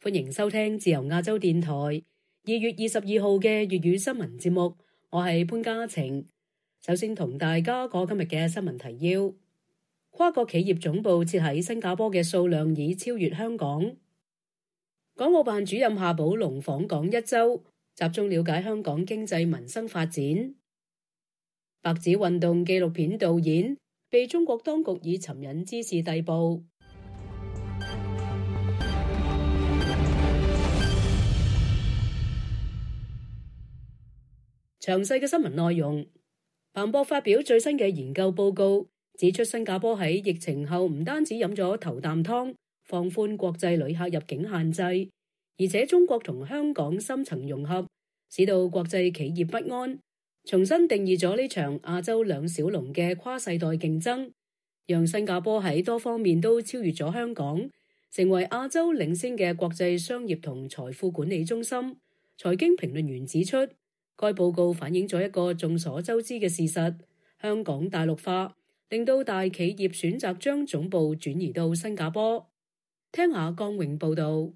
歡迎收聽自由亞洲電台二月二十二號嘅粵語新聞節目，我係潘嘉晴。首先同大家講今日嘅新聞提要：跨國企業總部設喺新加坡嘅數量已超越香港。港澳辦主任夏寶龍訪港一周，集中了解香港經濟民生發展。白紙運動紀錄片導演被中國當局以尋釁滋事逮捕。詳細嘅新聞內容，彭博發表最新嘅研究報告，指出新加坡喺疫情後唔單止飲咗頭啖湯，放寬國際旅客入境限制，而且中國同香港深層融合，使到國際企業不安，重新定義咗呢場亞洲兩小龍嘅跨世代競爭，讓新加坡喺多方面都超越咗香港，成為亞洲領先嘅國際商業同財富管理中心。財經評論員指出：該報告反映咗一個眾所周知嘅事實：香港大陸化令到大企業選擇將總部轉移到新加坡。聽下江永報導。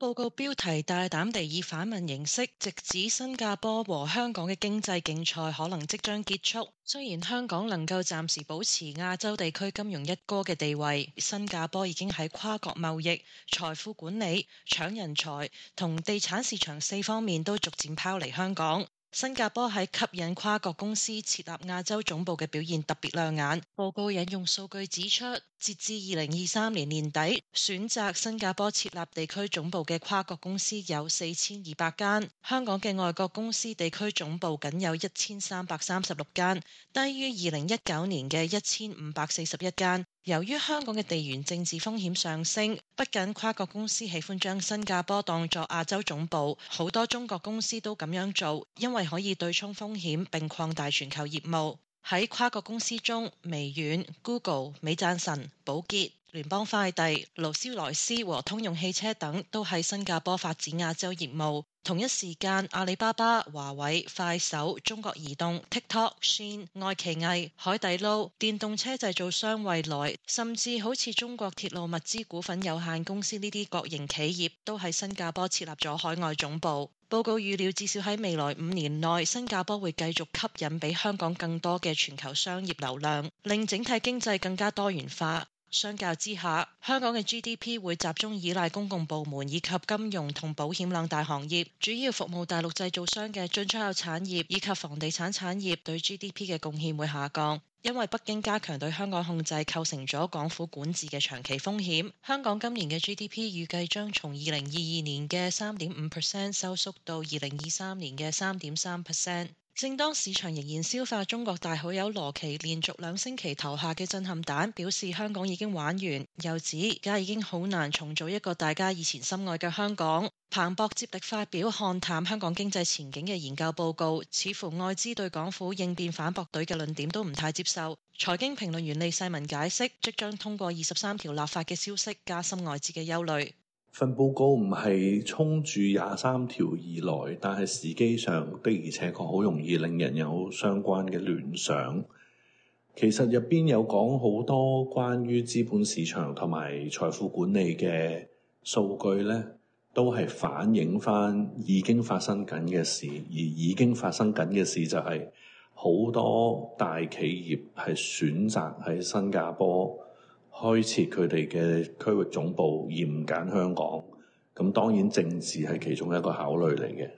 報告標題大膽地以反問形式，直指新加坡和香港嘅經濟競賽可能即將結束。雖然香港能夠暫時保持亞洲地區金融一哥嘅地位，新加坡已經喺跨國貿易、財富管理、搶人才同地產市場四方面都逐漸拋離香港。新加坡喺吸引跨國公司設立亞洲總部嘅表現特別亮眼。報告引用數據指出，截至二零二三年年底，選擇新加坡設立地區總部嘅跨國公司有四千二百間，香港嘅外國公司地區總部僅有一千三百三十六間，低於二零一九年嘅一千五百四十一間。由於香港嘅地緣政治風險上升，不僅跨國公司喜歡將新加坡當作亞洲總部，好多中國公司都咁樣做，因為可以對沖風險並擴大全球業務。喺跨國公司中，微軟、Google、美贊臣、寶潔、聯邦快遞、勞斯萊斯和通用汽車等都喺新加坡發展亞洲業務。同一時間，阿里巴巴、華為、快手、中國移動、TikTok、Shein、愛奇藝、海底撈、電動車製造商蔚來，甚至好似中國鐵路物資股份有限公司呢啲國營企業，都喺新加坡設立咗海外總部。報告預料，至少喺未來五年內，新加坡會繼續吸引比香港更多嘅全球商業流量，令整體經濟更加多元化。相較之下，香港嘅 GDP 會集中依賴公共部門以及金融同保險兩大行業，主要服務大陸製造商嘅進出口產業以及房地產產業對 GDP 嘅貢獻會下降。因為北京加強對香港控制，構成咗港府管治嘅長期風險。香港今年嘅 GDP 預計將從二零二二年嘅三點五 percent 收縮到二零二三年嘅三點三 percent。正當市場仍然消化中國大好友羅奇連續兩星期投下嘅震撼彈，表示香港已經玩完，又指而家已經好難重組一個大家以前深愛嘅香港。彭博接力發表看淡香港經濟前景嘅研究報告，似乎外資對港府應變反駁隊嘅論點都唔太接。受財經評論員李世民解釋，即將通過二十三條立法嘅消息，加深外資嘅憂慮。份報告唔係衝住廿三條而來，但係時機上的，而且確好容易令人有相關嘅聯想。其實入邊有講好多關於資本市場同埋財富管理嘅數據咧，都係反映翻已經發生緊嘅事，而已經發生緊嘅事就係、是。好多大企業係選擇喺新加坡開設佢哋嘅區域總部，而唔揀香港。咁當然政治係其中一個考慮嚟嘅。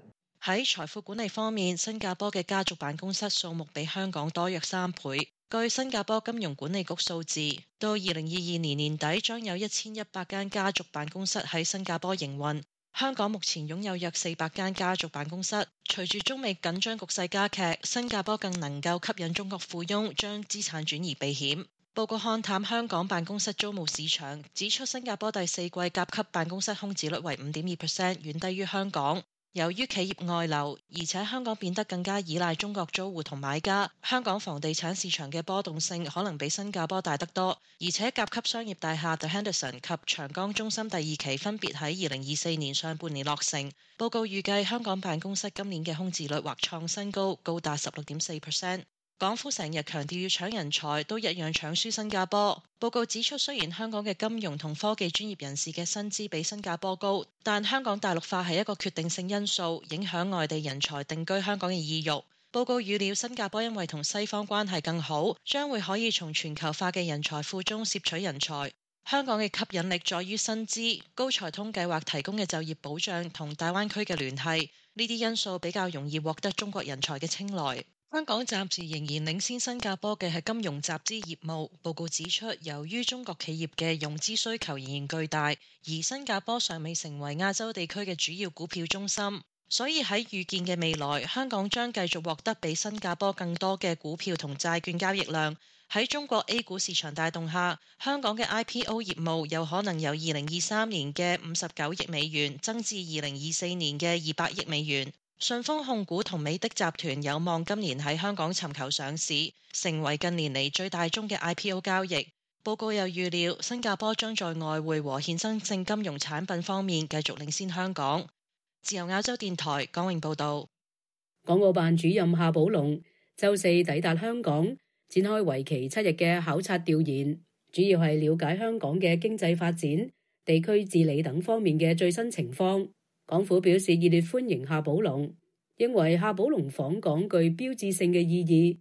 喺財富管理方面，新加坡嘅家族辦公室數目比香港多約三倍。據新加坡金融管理局數字，到二零二二年年底將有一千一百間家族辦公室喺新加坡營運。香港目前擁有約四百間家族辦公室，隨住中美緊張局勢加劇，新加坡更能夠吸引中國富翁將資產轉移避險。報告看淡香港辦公室租務市場，指出新加坡第四季甲級辦公室空置率為五點二 percent，遠低於香港。由於企業外流，而且香港變得更加依賴中國租戶同買家，香港房地產市場嘅波動性可能比新加坡大得多。而且甲級商業大廈 The Henderson 及長江中心第二期分別喺二零二四年上半年落成。報告預計香港辦公室今年嘅空置率或創新高，高達十六點四 percent。港府成日強調要搶人才，都一樣搶輸新加坡。報告指出，雖然香港嘅金融同科技專業人士嘅薪資比新加坡高，但香港大陸化係一個決定性因素，影響外地人才定居香港嘅意欲。報告預料，新加坡因為同西方關係更好，將會可以從全球化嘅人才庫中攝取人才。香港嘅吸引力在於薪資、高才通計劃提供嘅就業保障同大灣區嘅聯繫，呢啲因素比較容易獲得中國人才嘅青睞。香港暫時仍然領先新加坡嘅係金融集資業務。報告指出，由於中國企業嘅融資需求仍然巨大，而新加坡尚未成為亞洲地區嘅主要股票中心，所以喺預見嘅未來，香港將繼續獲得比新加坡更多嘅股票同債券交易量。喺中國 A 股市場帶動下，香港嘅 IPO 業務有可能由二零二三年嘅五十九億美元增至二零二四年嘅二百億美元。順豐控股同美的集團有望今年喺香港尋求上市，成為近年嚟最大宗嘅 IPO 交易。報告又預料，新加坡將在外匯和衍生性金融產品方面繼續領先香港。自由亞洲電台江永報道，港澳辦主任夏寶龍周四抵達香港，展開為期七日嘅考察調研，主要係了解香港嘅經濟發展、地區治理等方面嘅最新情況。港府表示熱烈歡迎夏寶龍，認為夏寶龍訪港具標誌性嘅意義。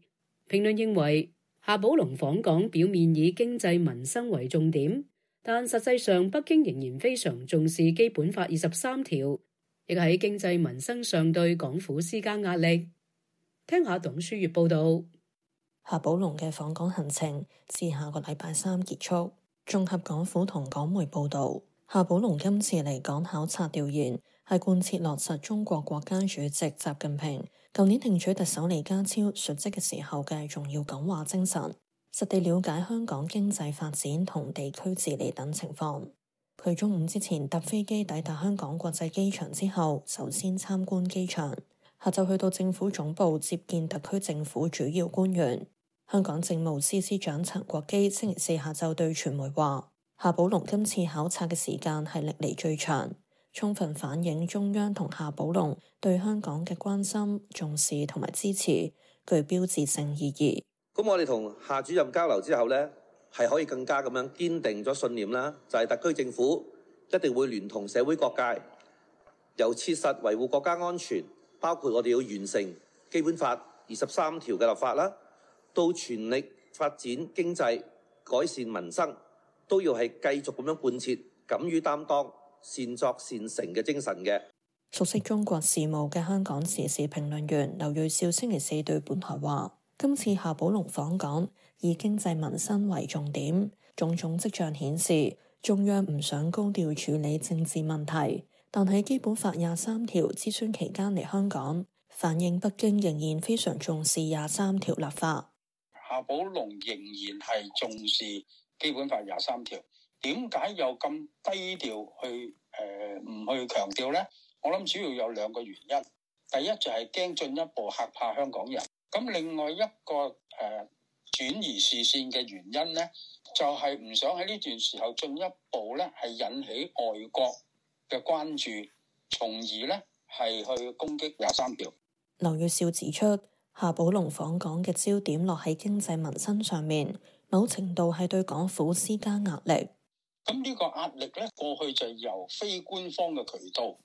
評論認為，夏寶龍訪港表面以經濟民生為重點，但實際上北京仍然非常重視基本法二十三條，亦喺經濟民生上對港府施加壓力。聽下董書月報道，夏寶龍嘅訪港行程至下個禮拜三結束。綜合港府同港媒報道，夏寶龍今次嚟港考察調研，係貫徹落實中國國家主席習近平舊年聽取特首李家超述職嘅時候嘅重要講話精神，實地了解香港經濟發展同地區治理等情況。佢中午之前搭飛機抵達香港國際機場之後，首先參觀機場，下晝去到政府總部接見特區政府主要官員。香港政務司司長陳國基星期四下晝對傳媒話，夏寶龍今次考察嘅時間係歷嚟最長。充分反映中央同夏寶龍對香港嘅關心、重視同埋支持，具標誌性意義。咁我哋同夏主任交流之後咧，係可以更加咁樣堅定咗信念啦。就係特區政府一定會聯同社會各界，由切實維護國家安全，包括我哋要完成基本法二十三條嘅立法啦，到全力發展經濟、改善民生，都要係繼續咁樣貫徹，敢於擔當。善作善成嘅精神嘅，熟悉中國事務嘅香港時事評論員劉銳紹星期四對本台話，今次夏寶龍訪港以經濟民生為重點，種種跡象顯示中央唔想高調處理政治問題，但喺基本法廿三條諮詢期間嚟香港，反映北京仍然非常重視廿三條立法。夏寶龍仍然係重視基本法廿三條。點解又咁低調去？誒、呃、唔去強調咧？我諗主要有兩個原因。第一就係驚進一步嚇怕香港人，咁另外一個誒、呃、轉移視線嘅原因咧，就係、是、唔想喺呢段時候進一步咧係引起外國嘅關注，從而咧係去攻擊廿三條。劉銳紹指出，夏寶龍訪港嘅焦點落喺經濟民生上面，某程度係對港府施加壓力。咁呢個壓力咧，過去就係由非官方嘅渠道誒、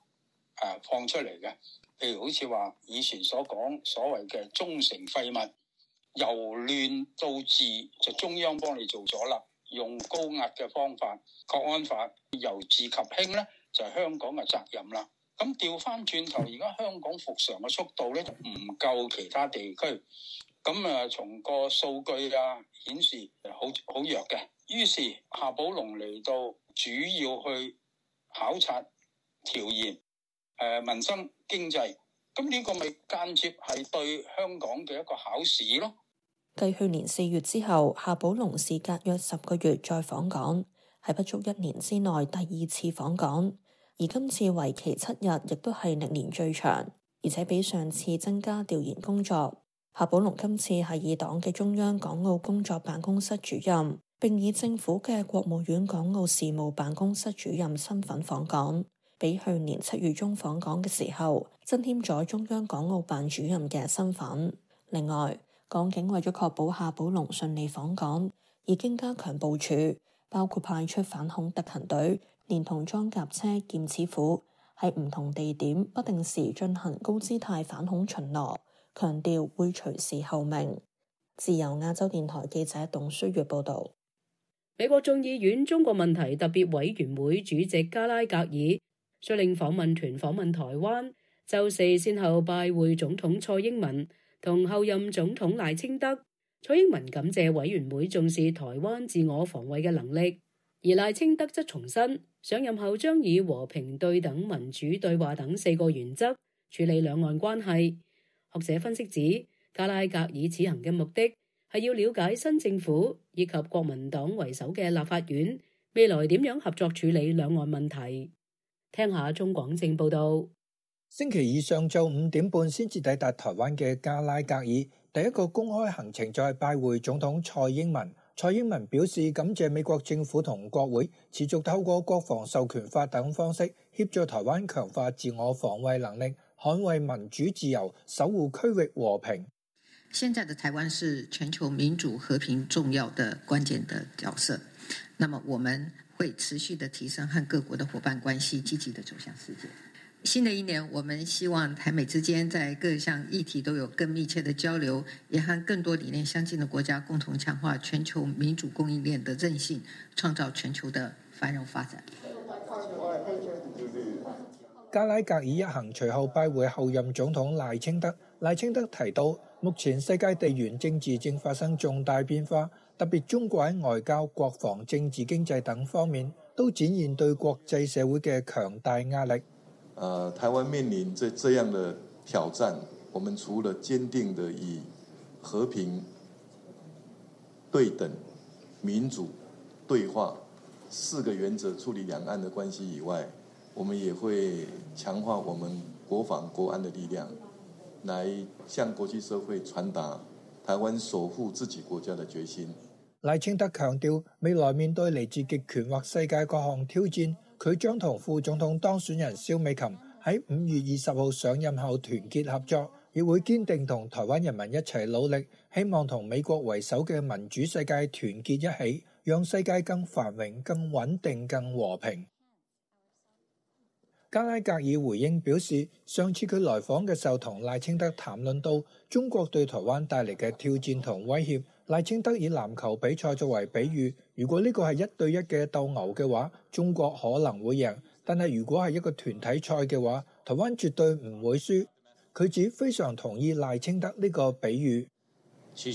啊、放出嚟嘅，譬如好似話以前所講所謂嘅忠誠廢物，由亂到治，就中央幫你做咗啦，用高壓嘅方法國安法，由治及興咧就係、是、香港嘅責任啦。咁調翻轉頭，而家香港復常嘅速度咧就唔夠其他地區。咁啊，從個數據啊顯示，好好弱嘅。於是夏寶龍嚟到主要去考察調研，誒、呃、民生經濟。咁呢個咪間接係對香港嘅一個考試咯。繼去年四月之後，夏寶龍事隔約十個月再訪港，係不足一年之內第二次訪港，而今次為期七日，亦都係歷年最長，而且比上次增加調研工作。夏寶龍今次係以黨嘅中央港澳工作辦公室主任，并以政府嘅國務院港澳事務辦公室主任身份訪港，比去年七月中訪港嘅時候增添咗中央港澳辦主任嘅身份。另外，港警為咗確保夏寶龍順利訪港，已經加強部署，包括派出反恐特勤隊，連同裝甲車、劍齒虎，喺唔同地點不定時進行高姿態反恐巡邏。強調會隨時候命。自由亞洲電台記者董書月報道，美國眾議院中國問題特別委員會主席加拉格爾率領訪問團訪問台灣，周四先後拜會總統蔡英文同候任總統賴清德。蔡英文感謝委員會重視台灣自我防衛嘅能力，而賴清德則重申上任後將以和平、對等、民主對話等四個原則處理兩岸關係。學者分析指，加拉格爾此行嘅目的係要了解新政府以及國民黨為首嘅立法院未來點樣合作處理兩岸問題。聽下鍾廣政報道。星期二上晝五點半先至抵達台灣嘅加拉格爾，第一個公開行程就係拜會總統蔡英文。蔡英文表示感謝美國政府同國會持續透過國防授權法等方式協助台灣強化自我防衛能力。捍衛民主自由、守護區域和平。現在的台灣是全球民主和平重要的關鍵的角色。那麼我們會持續的提升和各國的伙伴關係，積極的走向世界。新的一年，我們希望台美之間在各項議題都有更密切的交流，也和更多理念相近的國家共同強化全球民主供應鏈的韌性，創造全球的繁榮發展。加拉格爾一行隨後拜會候任總統賴清德，賴清德提到，目前世界地緣政治正發生重大變化，特別中國喺外交、國防、政治、經濟等方面都展現對國際社會嘅強大壓力。呃，台灣面臨這這樣的挑戰，我們除了堅定地以和平、對等、民主、對話四個原則處理兩岸的關係以外。我們也會強化我們國防國安的力量，來向國際社會傳達台灣守護自己國家的決心。賴清德強調，未來面對嚟自極權或世界各項挑戰，佢將同副總統當選人蕭美琴喺五月二十號上任後團結合作，亦會堅定同台灣人民一齊努力，希望同美國為首嘅民主世界團結一起，讓世界更繁榮、更穩定、更和平。加拉格爾回應表示，上次佢來訪嘅時候同賴清德談論到中國對台灣帶嚟嘅挑戰同威脅，賴清德以籃球比賽作為比喻，如果呢個係一對一嘅鬥牛嘅話，中國可能會贏，但係如果係一個團體賽嘅話，台灣絕對唔會輸。佢指非常同意賴清德呢個比喻。所以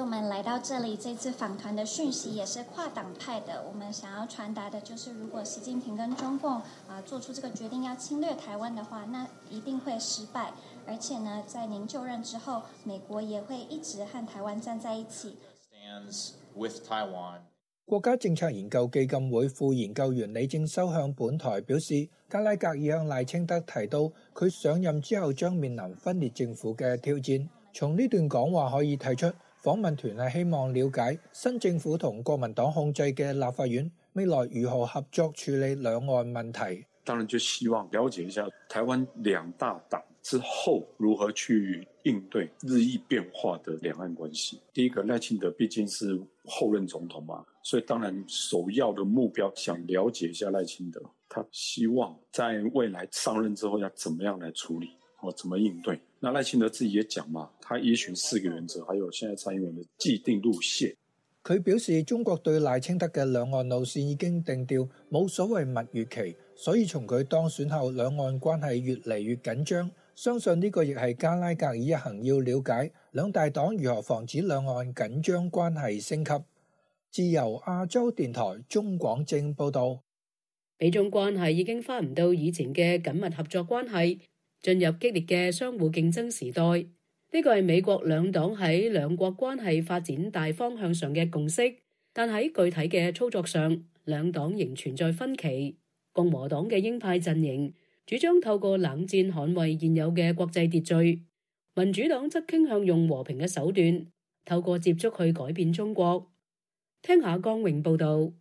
我們來到這裡，這次訪團的訊息也是跨黨派的。我們想要傳達的，就是如果習近平跟中共啊做出這個決定要侵略台灣的話，那一定會失敗。而且呢，在您就任之後，美國也會一直和台灣站在一起。國家政策研究基金會副研究員李正修向本台表示，加拉格爾向賴清德提到，佢上任之後將面臨分裂政府嘅挑戰。從呢段講話可以睇出，訪問團係希望了解新政府同國民黨控制嘅立法院未來如何合作處理兩岸問題。當然就希望了解一下台灣兩大黨之後如何去應對日益變化的兩岸關係。第一個賴清德畢竟是後任總統嘛，所以當然首要的目標想了解一下賴清德，他希望在未來上任之後要怎麼樣來處理，或怎麼應對。那賴清德自己也講嘛，他依循四個原則，還有現在蔡英文的既定路線。佢表示中國對賴清德嘅兩岸路線已經定調，冇所謂蜜月期，所以從佢當選後，兩岸關係越嚟越緊張。相信呢個亦係加拉格爾一行要了解兩大黨如何防止兩岸緊張關係升級。自由亞洲電台鍾廣政報道，美中關係已經返唔到以前嘅緊密合作關係。進入激烈嘅相互競爭時代，呢個係美國兩黨喺兩國關係發展大方向上嘅共識，但喺具體嘅操作上，兩黨仍存在分歧。共和黨嘅鷹派陣營主張透過冷戰捍衛現有嘅國際秩序，民主黨則傾向用和平嘅手段透過接觸去改變中國。聽下江榮報道。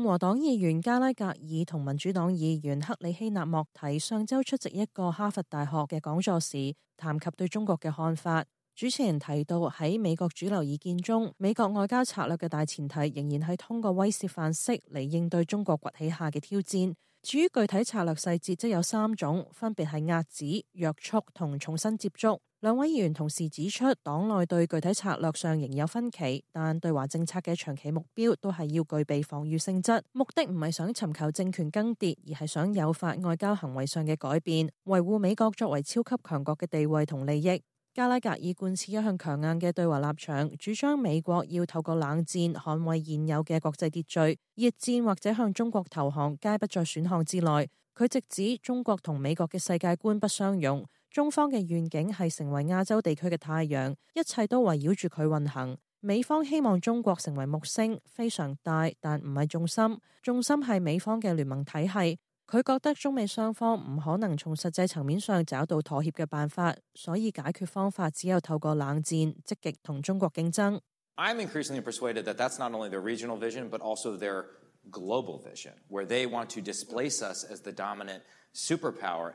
共和黨議員加拉格爾同民主黨議員克里希納莫提上周出席一個哈佛大學嘅講座時，談及對中國嘅看法。主持人提到，喺美國主流意見中，美國外交策略嘅大前提仍然係通過威懾範式嚟應對中國崛起下嘅挑戰。至於具體策略細節，則有三種，分別係壓制、約束同重新接觸。兩位議員同時指出，黨內對具體策略上仍有分歧，但對華政策嘅長期目標都係要具備防禦性質，目的唔係想尋求政權更迭，而係想誘發外交行為上嘅改變，維護美國作為超級強國嘅地位同利益。加拉格爾貫徹一向強硬嘅對華立場，主張美國要透過冷戰捍衛現有嘅國際秩序，熱戰或者向中國投降皆不在選項之內。佢直指中國同美國嘅世界觀不相容。中方嘅願景係成為亞洲地區嘅太陽，一切都圍繞住佢運行。美方希望中國成為木星，非常大，但唔係重心。重心係美方嘅聯盟體系。佢覺得中美雙方唔可能從實際層面上找到妥協嘅辦法，所以解決方法只有透過冷戰，積極同中國競爭。I'm increasingly persuaded that that's not only their regional vision, but also their global vision, where they want to displace us as the dominant superpower.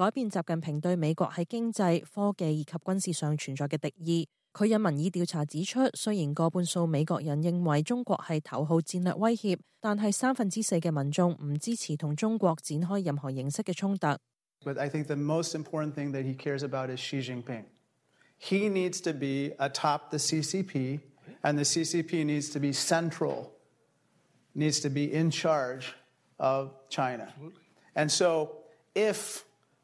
改變習近平對美國喺經濟、科技以及軍事上存在嘅敵意。佢引民意調查指出，雖然過半數美國人認為中國係頭號戰略威脅，但係三分之四嘅民眾唔支持同中國展開任何形式嘅衝突。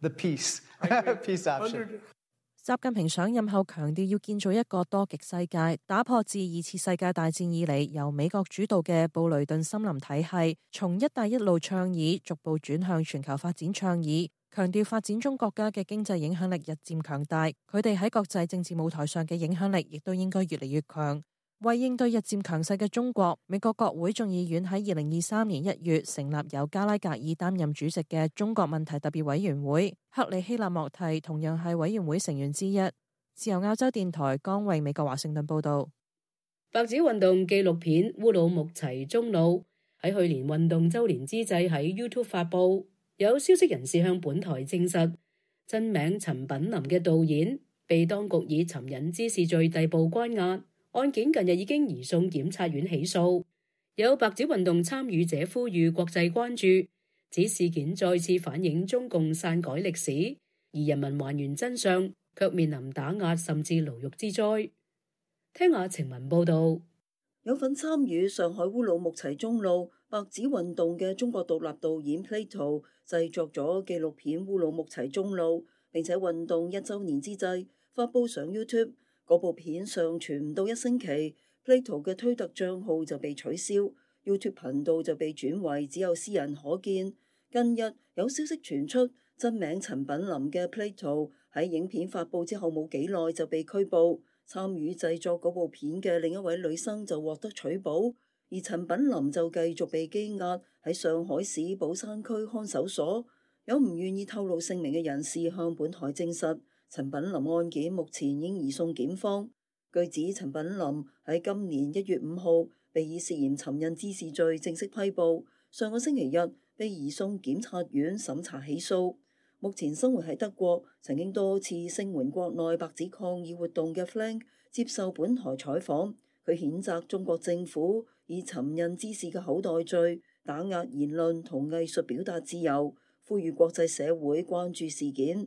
The peace 和平，和平。習近平上任後強調要建造一個多極世界，打破自二次世界大戰以嚟由美國主導嘅布雷頓森林體系，從「一帶一路」倡議逐步轉向全球發展倡議，強調發展中國家嘅經濟影響力日漸強大，佢哋喺國際政治舞台上嘅影響力亦都應該越嚟越強。為應對日漸強勢嘅中國，美國國會眾議院喺二零二三年一月成立由加拉格爾擔任主席嘅中國問題特別委員會。克里希納莫蒂同樣係委員會成員之一。自由亞洲電台剛為美國華盛頓報道。白紙運動紀錄片《烏魯木齊中路》喺去年運動周年之際喺 YouTube 發布。有消息人士向本台證實，真名陳品林嘅導演被當局以尋釁滋事罪逮捕關押。案件近日已經移送檢察院起訴。有白紙運動參與者呼籲國際關注，指事件再次反映中共篡改歷史，而人民還原真相卻面臨打壓甚至牢獄之災。聽下情文報道。有份參與上海烏魯木齊中路白紙運動嘅中國獨立導演 Plato 製作咗紀錄片《烏魯木齊中路》，並且運動一周年之際發佈上 YouTube。嗰部片上傳唔到一星期 Plato 嘅推特帳號就被取消，YouTube 頻道就被轉為只有私人可見。近日有消息傳出，真名陳品林嘅 Plato 喺影片發布之後冇幾耐就被拘捕。參與製作嗰部片嘅另一位女生就獲得取保，而陳品林就繼續被羈押喺上海市寶山區看守所。有唔願意透露姓名嘅人士向本台證實。陳品霖案件目前已移送檢方。據指，陳品霖喺今年一月五號被以涉嫌尋釁滋事罪正式批捕，上個星期日被移送檢察院審查起訴。目前生活喺德國，曾經多次聲援國內白紙抗議活動嘅 Flank 接受本台採訪，佢譴責中國政府以尋釁滋事嘅口袋罪打壓言論同藝術表達自由，呼籲國際社會關注事件。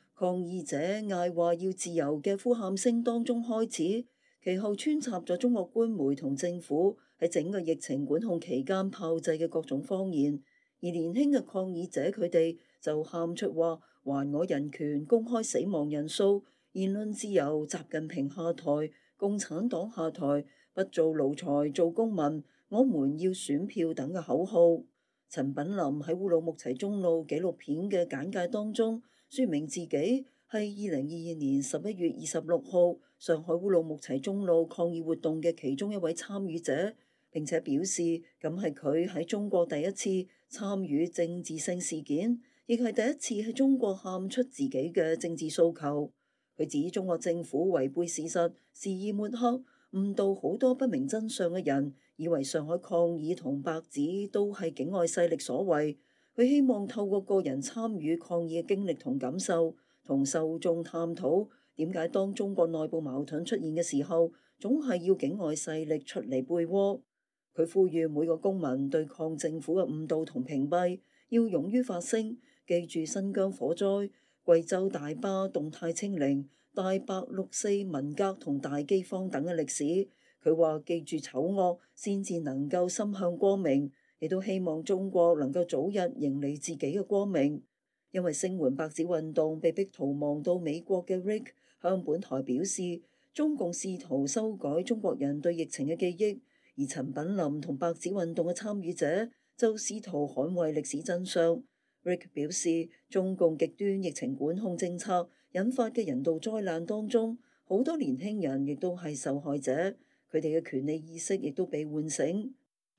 抗議者嗌話要自由嘅呼喊聲當中開始，其後穿插咗中國官媒同政府喺整個疫情管控期間炮製嘅各種謊言，而年輕嘅抗議者佢哋就喊出話：還我人權、公開死亡人數、言論自由、習近平下台、共產黨下台、不做奴才做公民、我們要選票等嘅口號。陳品林喺烏魯木齊中路紀錄片嘅簡介當中。說明自己係二零二二年十一月二十六號上海烏魯木齊中路抗議活動嘅其中一位參與者，並且表示咁係佢喺中國第一次參與政治性事件，亦係第一次喺中國喊出自己嘅政治訴求。佢指中國政府違背事實，示意抹黑，誤導好多不明真相嘅人，以為上海抗議同白紙都係境外勢力所為。佢希望透過個人參與抗議嘅經歷同感受，同受眾探討點解當中國內部矛盾出現嘅時候，總係要境外勢力出嚟背鍋。佢呼籲每個公民對抗政府嘅誤導同屏蔽，要勇於發聲。記住新疆火災、貴州大巴動態清零、大白六四文革同大饑荒等嘅歷史。佢話記住醜惡，先至能夠心向光明，亦都希望中國能夠早日迎嚟自己嘅光明，因為聲援白紙運動被迫逃亡到美國嘅 Rick 向本台表示，中共試圖修改中國人對疫情嘅記憶，而陳品林同白紙運動嘅參與者就試圖捍衞歷史真相。Rick 表示，中共極端疫情管控政策引發嘅人道災難當中，好多年輕人亦都係受害者，佢哋嘅權利意識亦都被喚醒。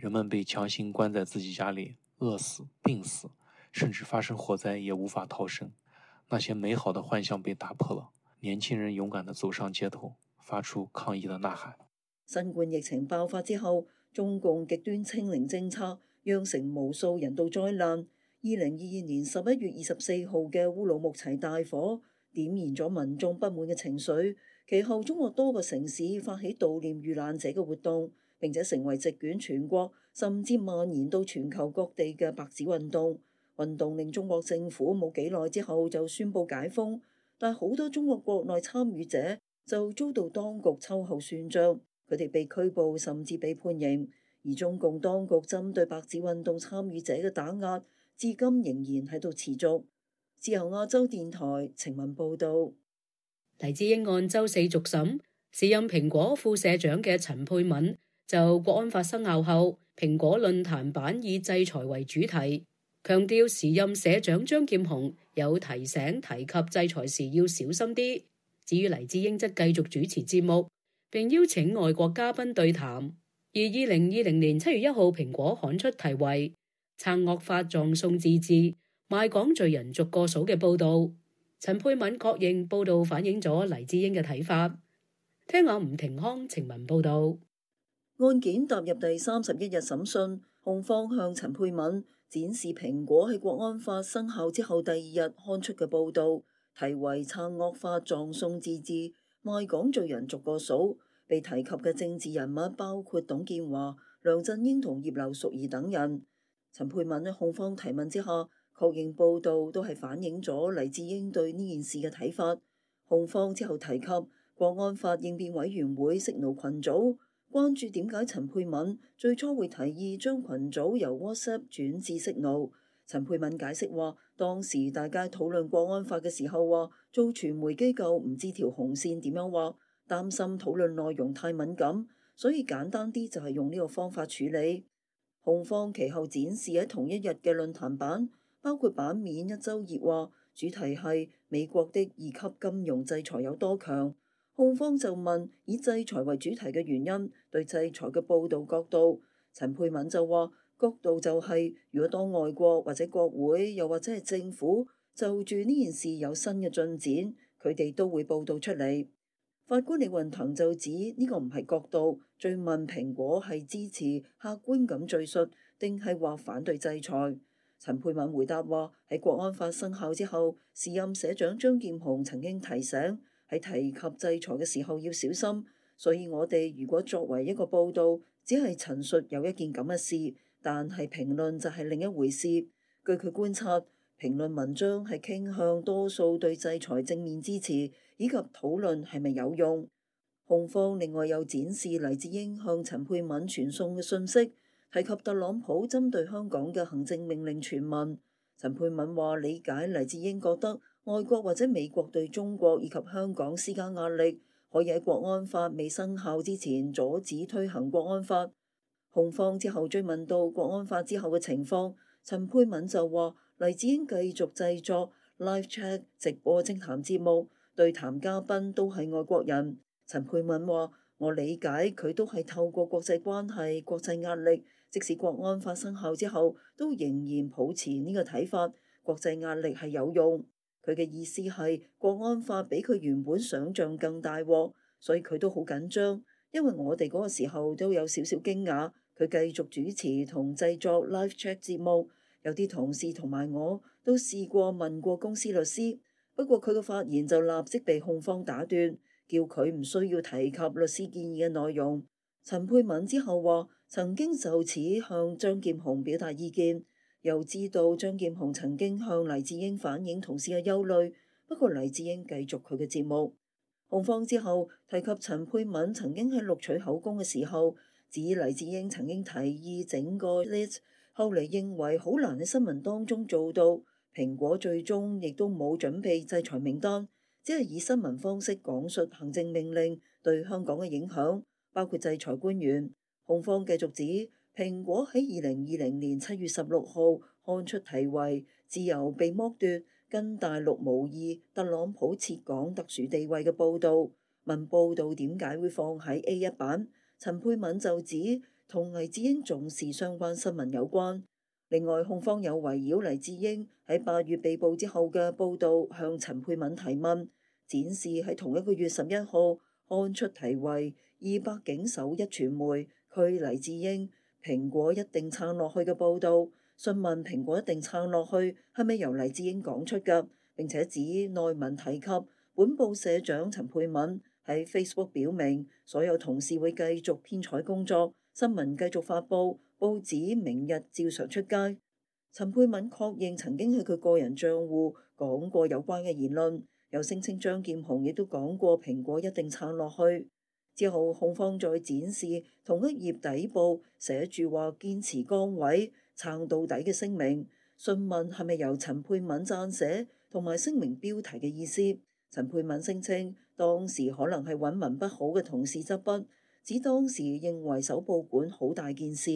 人們被強行關在自己家裏，餓死、病死，甚至發生火災也無法逃生。那些美好的幻想被打破了。年輕人勇敢地走上街頭，發出抗議的吶喊。新冠疫情爆發之後，中共極端清零政策釀成無數人道災難。二零二二年十一月二十四號嘅烏魯木齊大火點燃咗民眾不滿嘅情緒，其後中國多個城市發起悼念遇難者嘅活動。並且成為席捲全國，甚至蔓延到全球各地嘅白紙運動。運動令中國政府冇幾耐之後就宣布解封，但好多中國國內參與者就遭到當局秋後算賬，佢哋被拘捕甚至被判刑。而中共當局針對白紙運動參與者嘅打壓，至今仍然喺度持續。之後，亞洲電台情文報道，黎智英案周四續審，時任蘋果副社長嘅陳佩敏。就國安法生效後，蘋果論壇版以制裁為主題，強調時任社長張劍虹有提醒提及制裁時要小心啲。至於黎智英則繼續主持節目，並邀請外國嘉賓對談。而二零二零年七月一號，蘋果刊出題為《撐惡法葬送自治賣港罪人逐個數》嘅報道，陳沛敏確認報道反映咗黎智英嘅睇法。聽下吳亭康、晴雯報道。案件踏入第三十一日審訊，控方向陳佩敏展示蘋果喺國安法生效之後第二日刊出嘅報道，題為撐惡法葬送自治，賣港罪人逐個數，被提及嘅政治人物包括董建華、梁振英同葉劉淑儀等人。陳佩敏喺控方提問之下，確認報道都係反映咗黎智英對呢件事嘅睇法。控方之後提及國安法應變委員會息怒群組。關注點解陳佩敏最初會提議將群組由 WhatsApp 轉至 Signal？陳佩敏解釋話：當時大家討論國安法嘅時候，話做傳媒機構唔知條紅線點樣畫，擔心討論內容太敏感，所以簡單啲就係用呢個方法處理。控方其後展示喺同一日嘅論壇版，包括版面一周熱話，主題係美國的二級金融制裁有多強。控方就問以制裁為主題嘅原因，對制裁嘅報導角度，陳佩敏就話角度就係、是、如果當外國或者國會又或者係政府就住呢件事有新嘅進展，佢哋都會報導出嚟。法官李運騰就指呢、這個唔係角度，追問蘋果係支持客觀咁敘述，定係話反對制裁？陳佩敏回答話喺國安法生效之後，時任社長張劍虹曾經提醒。喺提及制裁嘅時候要小心，所以我哋如果作為一個報道，只係陳述有一件咁嘅事，但係評論就係另一回事。據佢觀察，評論文章係傾向多數對制裁正面支持，以及討論係咪有用。控方另外又展示黎智英向陳佩敏傳送嘅信息，提及特朗普針對香港嘅行政命令傳聞。陳佩敏話理解黎智英覺得。外國或者美國對中國以及香港施加壓力，可以喺國安法未生效之前阻止推行國安法。控方之後追問到國安法之後嘅情況，陳佩敏就話黎智英繼續製作 Live Chat 直播政談節目，對談嘉賓都係外國人。陳佩敏話：我理解佢都係透過國際關係、國際壓力，即使國安法生效之後，都仍然保持呢個睇法，國際壓力係有用。佢嘅意思係國安法比佢原本想象更大鑊，所以佢都好緊張。因為我哋嗰個時候都有少少驚訝。佢繼續主持同製作 live check 節目，有啲同事同埋我都試過問過公司律師，不過佢嘅發言就立即被控方打斷，叫佢唔需要提及律師建議嘅內容。陳佩敏之後話曾經就此向張劍虹表達意見。又知道張劍虹曾經向黎智英反映同事嘅憂慮，不過黎智英繼續佢嘅節目。控方之後提及陳佩敏曾經喺錄取口供嘅時候指黎智英曾經提議整個 list，後嚟認為好難喺新聞當中做到。蘋果最終亦都冇準備制裁名單，只係以新聞方式講述行政命令對香港嘅影響，包括制裁官員。控方繼續指。蘋果喺二零二零年七月十六號刊出題為《自由被剝奪，跟大陸無異》，特朗普撤港特殊地位嘅報導，問報導點解會放喺 A 一版？陳佩敏就指同黎智英重視相關新聞有關。另外，控方有圍繞黎智英喺八月被捕之後嘅報導向陳佩敏提問，展示喺同一個月十一號刊出題為《二百警首一傳媒》，拒黎智英，蘋果一定撐落去嘅報導，詢問蘋果一定撐落去係咪由黎智英講出㗎？並且指內文提及本報社長陳佩敏喺 Facebook 表明，所有同事會繼續編採工作，新聞繼續發布，報紙明日照常出街。陳佩敏確認曾經喺佢個人賬戶講過有關嘅言論，又聲稱張劍虹亦都講過蘋果一定撐落去。之後，控方再展示同一頁底部寫住話堅持崗位撐到底嘅聲明，詢問係咪由陳佩敏撰寫同埋聲明標題嘅意思。陳佩敏聲稱當時可能係搵文筆好嘅同事執筆，指當時認為首報館好大件事，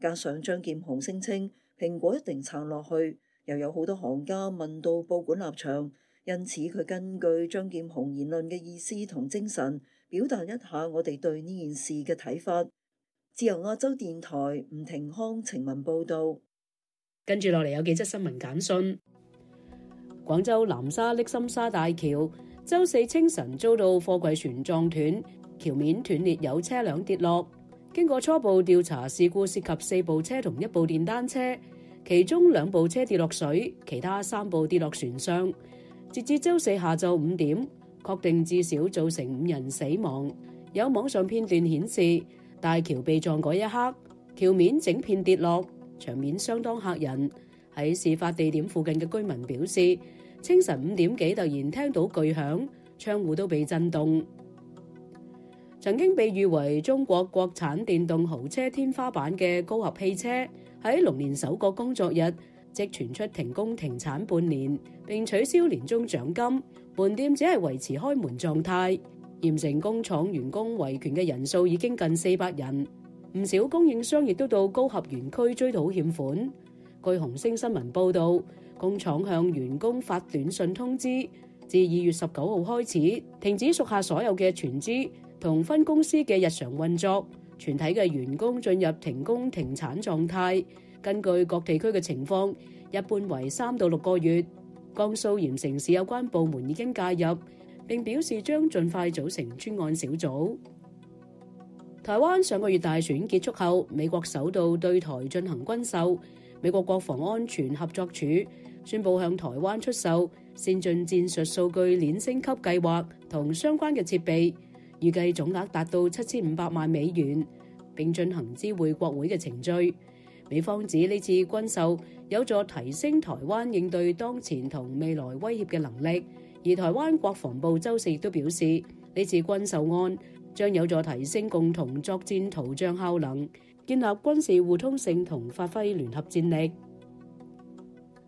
加上張劍虹聲稱蘋果一定撐落去，又有好多行家問到報館立場，因此佢根據張劍虹言論嘅意思同精神。表達一下我哋對呢件事嘅睇法。自由亞洲電台吳庭康情文報道，跟住落嚟有幾則新聞簡訊。廣州南沙瀝心沙大橋周四清晨遭到貨櫃船撞斷，橋面斷裂，有車輛跌落。經過初步調查，事故涉及四部車同一部電單車，其中兩部車跌落水，其他三部跌落船上。截至周四下晝五點，確定至少造成五人死亡。有網上片段顯示，大橋被撞嗰一刻，橋面整片跌落，場面相當嚇人。喺事發地點附近嘅居民表示，清晨五點幾突然聽到巨響，窗戶都被震動。曾經被譽為中國國產電動豪車天花板嘅高合汽車，喺龍年首個工作日即傳出停工停產半年，並取消年終獎金。門店只係維持開門狀態，鹽城工廠員工維權嘅人數已經近四百人，唔少供應商亦都到高合園區追討欠款。據紅星新聞報道，工廠向員工發短信通知，自二月十九號開始，停止屬下所有嘅全資同分公司嘅日常運作，全體嘅員工進入停工停產狀態。根據各地區嘅情況，一般為三到六個月。江蘇鹽城市有關部門已經介入，並表示將盡快組成專案小組。台灣上個月大選結束後，美國首度對台進行軍售。美國國防安全合作署宣布向台灣出售先進戰術數據鏈升級計劃同相關嘅設備，預計總額達到七千五百萬美元，並進行知會國會嘅程序。美方指呢次軍售有助提升台灣應對當前同未來威脅嘅能力，而台灣國防部周四亦都表示，呢次軍售案將有助提升共同作戰圖像效能，建立軍事互通性同發揮聯合戰力。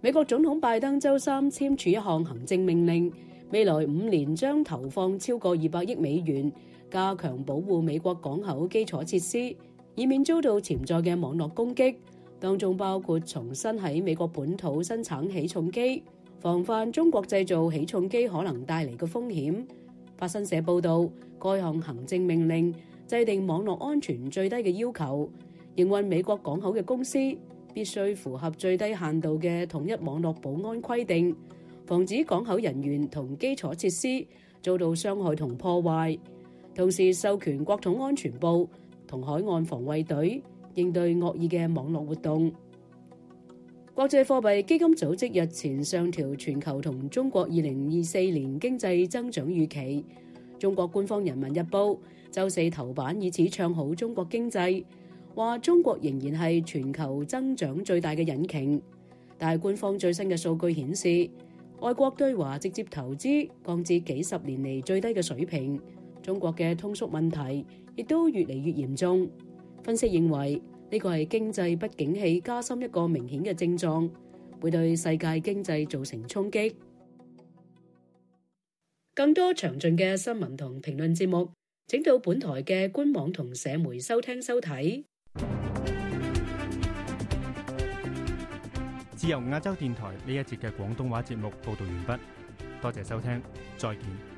美國總統拜登周三簽署一項行政命令，未來五年將投放超過二百億美元，加強保護美國港口基礎設施。以免遭到潛在嘅網絡攻擊，當中包括重新喺美國本土生產起重機，防範中國製造起重機可能帶嚟嘅風險。法新社報導，該項行政命令制定網絡安全最低嘅要求，營運美國港口嘅公司必須符合最低限度嘅統一網絡保安規定，防止港口人員同基礎設施遭到傷害同破壞。同時授權國土安全部。同海岸防衛隊應對惡意嘅網絡活動。國際貨幣基金組織日前上調全球同中國二零二四年經濟增長預期。中國官方《人民日報》周四頭版以此唱好中國經濟，話中國仍然係全球增長最大嘅引擎。但係官方最新嘅數據顯示，外國對華直接投資降至幾十年嚟最低嘅水平。中國嘅通縮問題。亦都越嚟越嚴重，分析認為呢個係經濟不景氣加深一個明顯嘅症狀，會對世界經濟造成衝擊。更多詳盡嘅新聞同評論節目，請到本台嘅官網同社媒收聽收睇。自由亞洲電台呢一節嘅廣東話節目報道完畢，多謝收聽，再見。